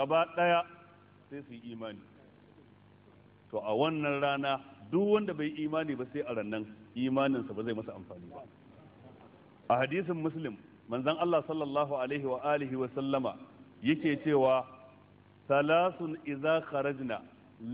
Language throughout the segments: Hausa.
gaba ɗaya sai su yi imani to a wannan rana duk wanda bai imani ba sai a rannan imaninsa ba zai masa amfani ba a hadisin muslim manzon Allah sallallahu alaihi wa alihi wa sallama yake cewa salasun iza kharajna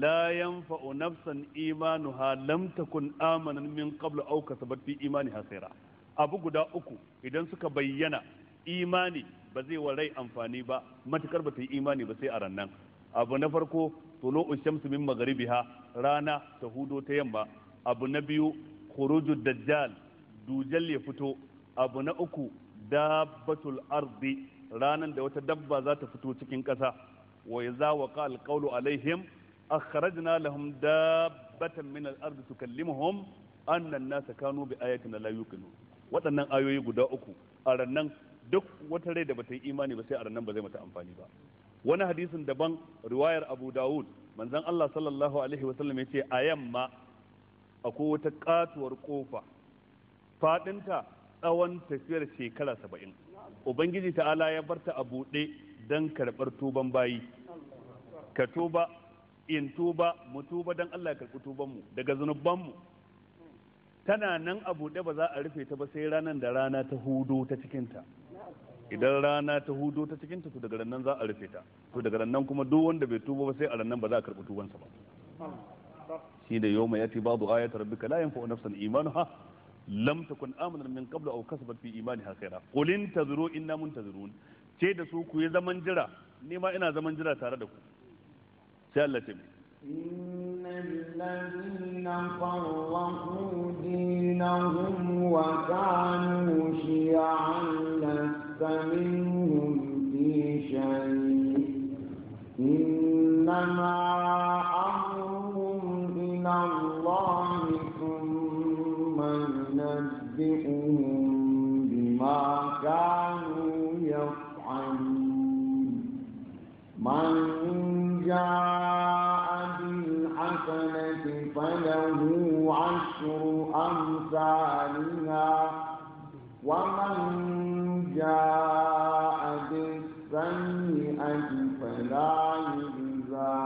la yanfa'u nafsan imanuha lam takun amanan min qablu aw kasabat fi imaniha khaira abu guda uku idan suka bayyana imani ba zai wa rai amfani ba matukar ba ta yi imani ba sai a rannan abu na farko tolo shamsu min magharibiha rana ta hudo ta yamma abu na biyu khuruju dajjal dujal ya fito abu na uku dabbatul ardi ranan da wata dabba za ta fito cikin ƙasa wa yaza waqa alqawlu alaihim akhrajna lahum dabbatan min al-ardi tukallimuhum anna an-nasa kanu bi ayatina la yuqinun waɗannan ayoyi guda uku a rannan duk wata rai da bata yi imani ba sai a ranar ba zai mata amfani ba wani hadisin daban riwayar Abu Dawud manzon Allah sallallahu alaihi wasallam ce a yamma akwai wata katuwar kofa fadinta tsawon tafiyar shekara saba'in ubangiji ta'ala ya barta a buɗe don karɓar tuban bayi ka tuba in tuba mu tuba don Allah ya karɓi tubanmu daga zunubanmu tana nan a buɗe ba za a rufe ta ba sai ranar da rana ta hudu ta cikinta idan rana ta hudo ta cikin ta to daga nan za a rufe ta to daga nan kuma duk wanda bai tuba ba sai a nan ba za a karɓi tubansa ba shi da yau mai yati babu ayat rabbika la yanfa'u nafsan imanuha lam takun amanan min qablu aw kasabat fi imaniha khaira qul intazuru inna muntazirun ce da su ku yi zaman jira ni ma ina zaman jira tare da ku sai Allah ta bi إن الذين فرقوا دينهم وكانوا شيعا لست منهم في شيء إنما جاء بالسيئة فلا يجزى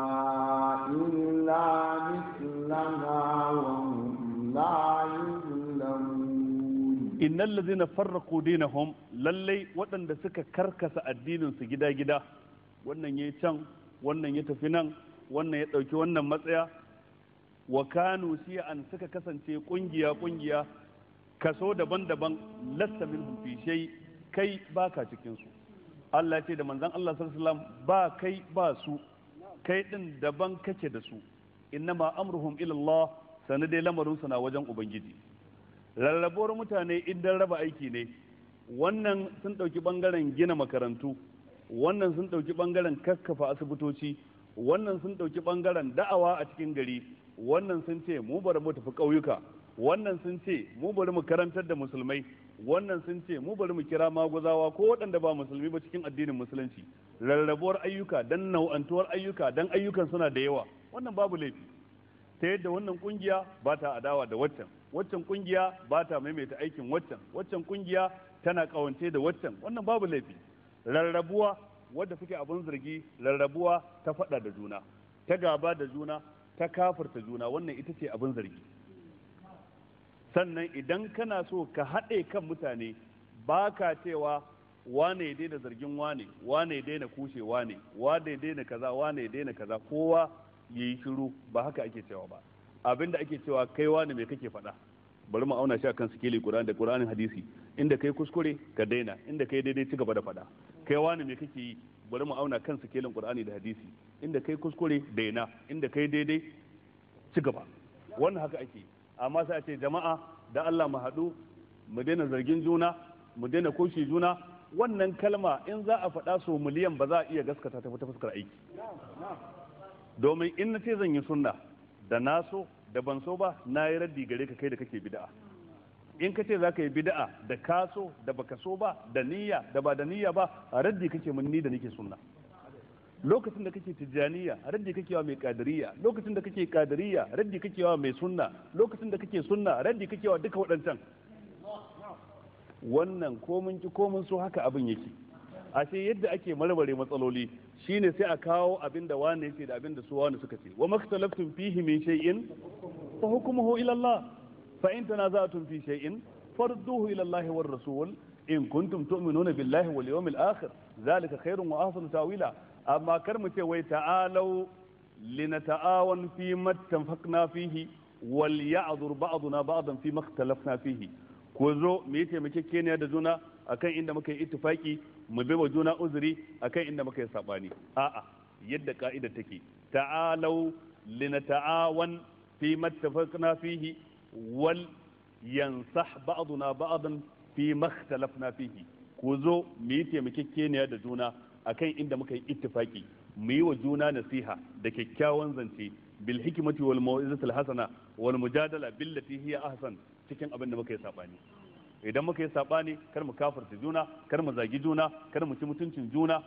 إلا مثلها وهم لا يظلمون إن الذين فرقوا دينهم للي gida-gida, wannan ya can wannan ya tafi nan wannan ya ɗauki wannan matsaya wa kanu an suka kasance ƙungiya ƙungiya kaso daban-daban lasta min fi shay kai baka cikin su Allah ce da manzon Allah sallallahu alaihi ba kai ba su kai din daban kake da su innama amruhum ila Allah sanu dai lamarin su na wajen ubangiji rarrabuwar mutane idan raba aiki ne wannan sun dauki bangaren gina makarantu wannan sun dauki bangaren kakkafa asibitoci wannan sun dauki bangaren da'awa a cikin gari wannan sun ce mu bari mu tafi ƙauyuka wannan sun ce mu bari mu karantar da musulmai wannan sun ce mu bari mu kira maguzawa ko waɗanda ba musulmi ba cikin addinin musulunci rarrabuwar ayyuka dan nau'antuwar ayyuka dan ayyukan suna da yawa wannan babu laifi ta yadda wannan kungiya ba ta adawa da waccan waccan kungiya ba ta maimaita aikin waccan waccan kungiya tana kawance da waccan wannan babu laifi rarrabuwa wadda suke abin zargi rarrabuwa ta faɗa da juna ta gaba da juna ta kafirta juna wannan ita ce abin zargi sannan idan kana so ka haɗe kan mutane ba ka cewa wane ya daina zargin wane wane ya daina kushe wane wane ya daina kaza wane ya daina kaza kowa ya yi shiru ba haka ake cewa ba abinda ake cewa kai wane mai kake faɗa bari mu auna shi kan sikeli Qur'an da Qur'anin hadisi inda kai kuskure ka daina inda kai daidai ci gaba da faɗa kai wane mai kake yi bari mu auna kan sikelin Qur'ani da hadisi inda kai kuskure daina inda kai daidai ci gaba wannan haka ake yi amma sai a ce jama'a da Allah mu haɗu mu daina zargin juna mu daina koshi juna wannan kalma in za a faɗa so miliyan ba za a iya gaskata ta fita fuskar aiki domin in na ce zan yi sunna da na so da ban so ba na yi raddi gare ka kai da kake bid'a in ka ce za ka yi bid'a da ka so da baka so ba da niyya da ba da niyya ba a raddi kake mun ni da nake sunna lokacin da kake tijaniya raddi kake wa mai kadiriya lokacin da kake kadiriya raddi kake wa mai sunna lokacin da kake sunna raddi kake wa duka waɗancan wannan komin ki komin so haka abin yake ashe yadda ake marmare matsaloli shine sai a kawo abin da wani yake da abin da su wani suka ce wa maktalaftum fihi min shay'in fa hukmuhu ila Allah fa in tanaza'tum fi shay'in farduhu ila Allah war rasul in kuntum tu'minuna billahi wal yawmil akhir zalika khairun wa ahsanu ta'wila amma kar mu ce wai ta'alau linata'awan fi mattafaqna fihi wal ya'dhur ba'duna ba'dan fi makhtalafna fihi ko zo mu yi taimakekeniya da juna akan inda muka yi ittifaki mu bai wa juna uzuri akan inda muka yi sabani a'a yadda ka'ida take ta'alau linata'awan fi mattafaqna fihi wal yansah ba'duna ba'dan fi makhtalafna fihi ko zo me mu yi taimakekeniya da juna akan inda muka yi ittifaki mu yi wa juna nasiha da kyakkyawan zance bil hikmati wal mau'izatil hasana wal mujadala billati hiya ahsan cikin abin da muka yi sabani idan muka yi sabani kar mu kafirta juna kar mu zagi juna kar mu ci mutuncin juna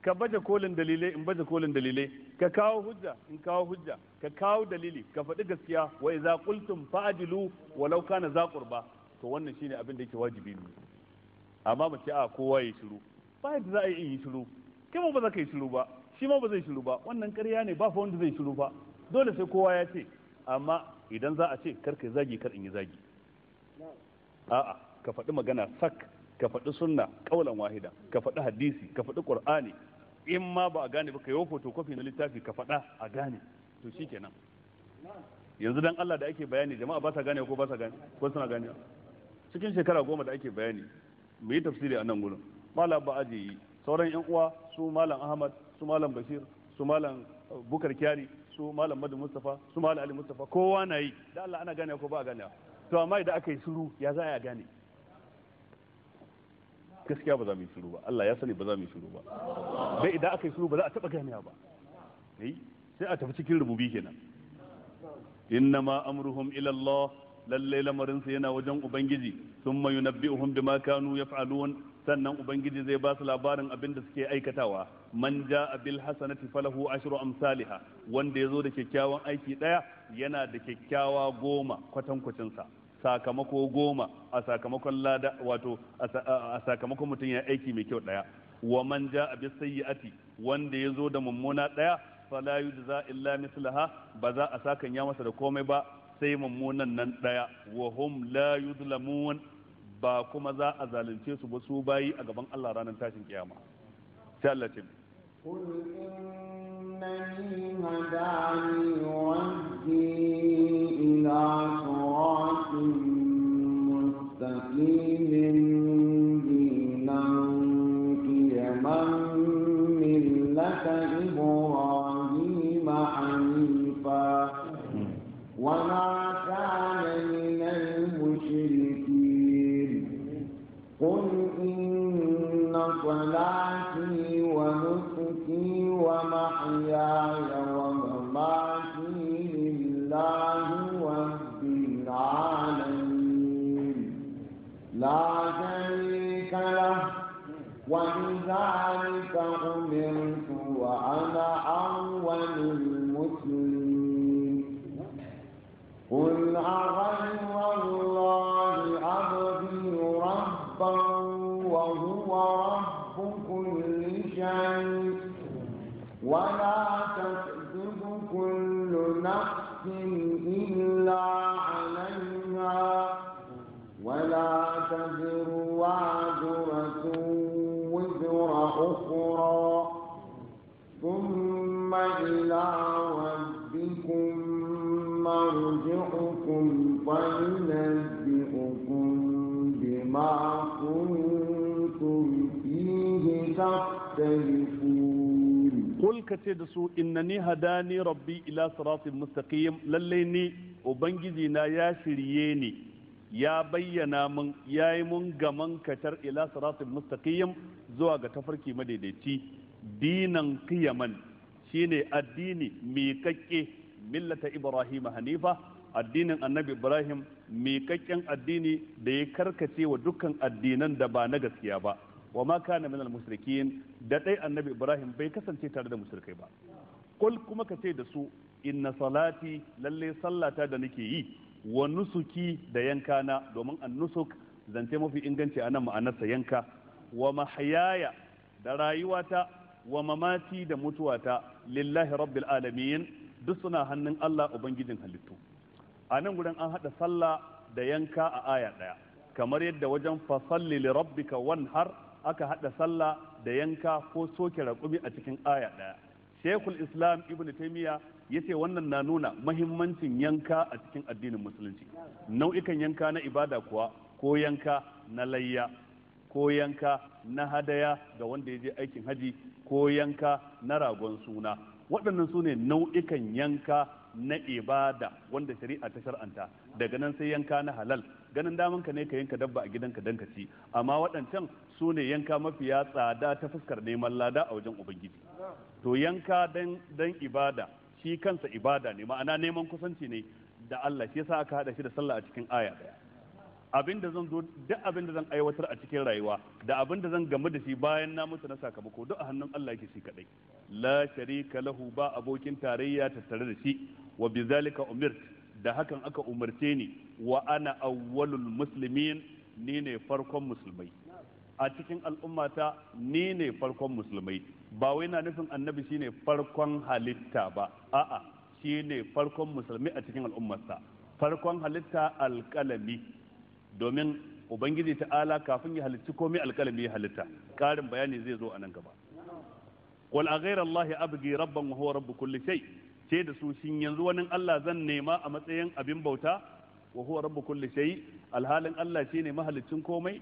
ka baje kolin dalilai in baje kolin dalilai ka kawo hujja in kawo hujja ka kawo dalili ka faɗi gaskiya wa idza qultum fa'dilu walau kana za qurba to wannan shine abin da yake wajibi ne amma mu ce a kowa ya shiru ba yadda za a yi in yi shiru kai ma ba za ka yi shiru ba shi ma ba zai shiru ba wannan karya ne ba fa wanda zai shiru ba dole sai kowa ya ce amma idan za a ce karka ka zagi kar in yi zagi a'a ka faɗi magana sak ka faɗi sunna kaulan wahida ka faɗi hadisi ka faɗi qur'ani in ma ba a gane ba ka yi fotokofi na littafi ka faɗa a gane to shikenan yanzu dan Allah da ake bayani jama'a ba sa gane ko ba sa gane ko suna gane cikin shekara goma da ake bayani mu yi tafsiri a nan gurin malam ba ajiyi sauran yan uwa su malam ahmad su malam bashir su malam uh, bukar kyari su malam madu mustafa su malam ali mustafa kowa na yi da Allah ana gane ko ba a gane to amma idan aka yi shiru ya za a gane gaskiya ba za mu yi shiru ba Allah ya sani ba za mu yi shiru ba dai idan aka yi shiru ba za a taba ganewa ba eh sai a tafi cikin rububi kenan innama amruhum ila Allah lalle lamarin sa yana wajen ubangiji thumma yunabbi'uhum bima kanu yaf'alun sannan ubangiji zai ba su labarin abin da suke aikatawa man ja abil hasanati falahu ashru amsalha wanda yazo da kyakkyawan aiki daya yana da kyakkyawa goma kwatankwacin sa sakamako goma a sakamakon lada wato a sakamakon mutum ya aiki mai kyau daya wa man ja bis sayyi'ati wanda yazo da mummuna daya fala yujza illa mislaha ba za a sakan ya masa da komai ba sai mummunan nan daya wa hum la yuzlamun ba kuma za a zalunce su ba su bayi a gaban Allah ranar tashin kiyama sai Allah ce قل إنني هداني إبراهيم حنيفا وما كان تزر وعذرة وزر أخرى ثم إلى ربكم مرجعكم فينبئكم بما كنتم فيه تختلفون قل كسيدسو إنني هداني ربي إلى صراط مستقيم لليني وبنجزي يا شرييني ya bayyana mun yayi mun gaman katar ila siratul mustaqim zuwa ga tafarki madaidaici dinan qiyaman shine addini miƙaƙƙe millata ibrahim hanifa addinin annabi ibrahim miƙaƙƙen addini da ya karkace wa dukkan addinan da ba na gaskiya ba wa ma kana minal mushrikin da dai annabi ibrahim bai kasance tare da musulkai ba kul kuma ka ce da su inna salati lalle sallata da nake yi wa nusuki da yanka na domin an nusuk zance mafi inganci a nan ma'anarsa yanka wa mahayaya da rayuwata wa mamati da mutuwata lillahi rabbil alamin duk suna hannun Allah ubangijin halittu a nan gudan an haɗa sallah da yanka a aya ɗaya kamar yadda wajen fasalli li rabbika har aka haɗa sallah da yanka ko soke raƙumi a cikin aya ɗaya shekul islam ibn taimiyya ya ce wannan na nuna mahimmancin yanka a cikin addinin musulunci nau'ikan yanka na ibada kuwa ko yanka na layya ko yanka na hadaya ga wanda ya je aikin haji ko yanka na ragon suna waɗannan su ne nau'ikan yanka na ibada wanda shari'a ta shar'anta daga nan sai yanka na halal ganin daman ne ka yanka dabba a gidanka dan ka ci amma waɗancan su ne yanka mafiya tsada ta fuskar neman lada a wajen ubangiji to yanka dan ibada shi kansa ibada ne ma'ana neman kusanci ne da Allah shi yasa aka hada shi da sallah a cikin aya daya abin da zan zo duk abin da zan aiwatar a cikin rayuwa da abin da zan gamu da shi bayan na mutu na sakamako duk a hannun Allah yake shi kadai la sharika lahu ba abokin tarayya tattare da shi wa bizalika umirt da hakan aka umarce ni wa ana awwalul muslimin ni ne farkon musulmai a cikin al'ummata ni ne farkon musulmai ba wai na nufin annabi shine farkon halitta ba a'a shine farkon musulmi a cikin al'ummarsa farkon halitta alkalami domin ubangiji ta'ala kafin ya halicci komai alkalami ya halitta karin bayani zai zo a nan gaba wal aghayra allahi abgi rabban wa huwa rabb kulli shay ce da su shin yanzu wani Allah zan nema a matsayin abin bauta wa huwa rabb kulli shay alhalin Allah shine mahaliccin komai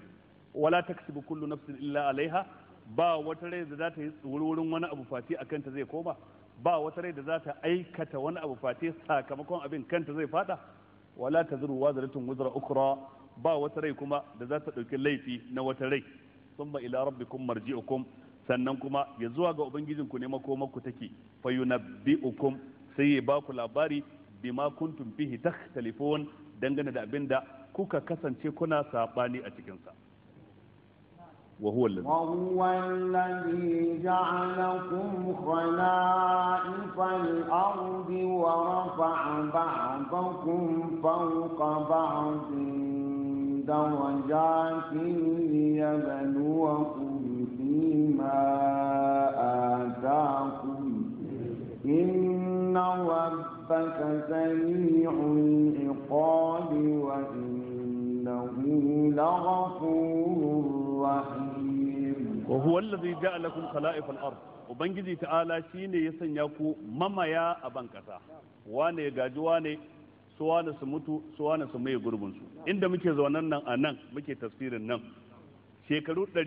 wala taksibu kullu nafsin illa alaiha ba wata rai da za ta yi tsururin wani abu Fati a kanta zai koma ba wata rai da za ta aikata wani abu Fati sakamakon abin kanta zai fada wala tazuru wazratun wuzra ukra ba wata rai kuma da za ta dauki laifi na wata rai thumma ila rabbikum marji'ukum sannan kuma ya zuwa ga ku ne makomarku take fa sai ya ba ku labari bima kuntum bihi takhtalifun dangane da abinda kuka kasance kuna sabani a cikinsa. sa وهو الذي وهو الذي جعلكم خلائف الأرض ورفع بعضكم فوق بعض درجات ليبلوكم فيما آتاكم إن ربك سريع العقاب وإنه لغفور wa huwa allazi ja'alakum khala'if al-ard ubangiji ta'ala shi ne ya sanya ku mamaya a ban kasa wane ya gaji su wane su mutu su wane su mai gurbin inda muke zaunan nan a nan muke tafsirin nan shekaru ɗari.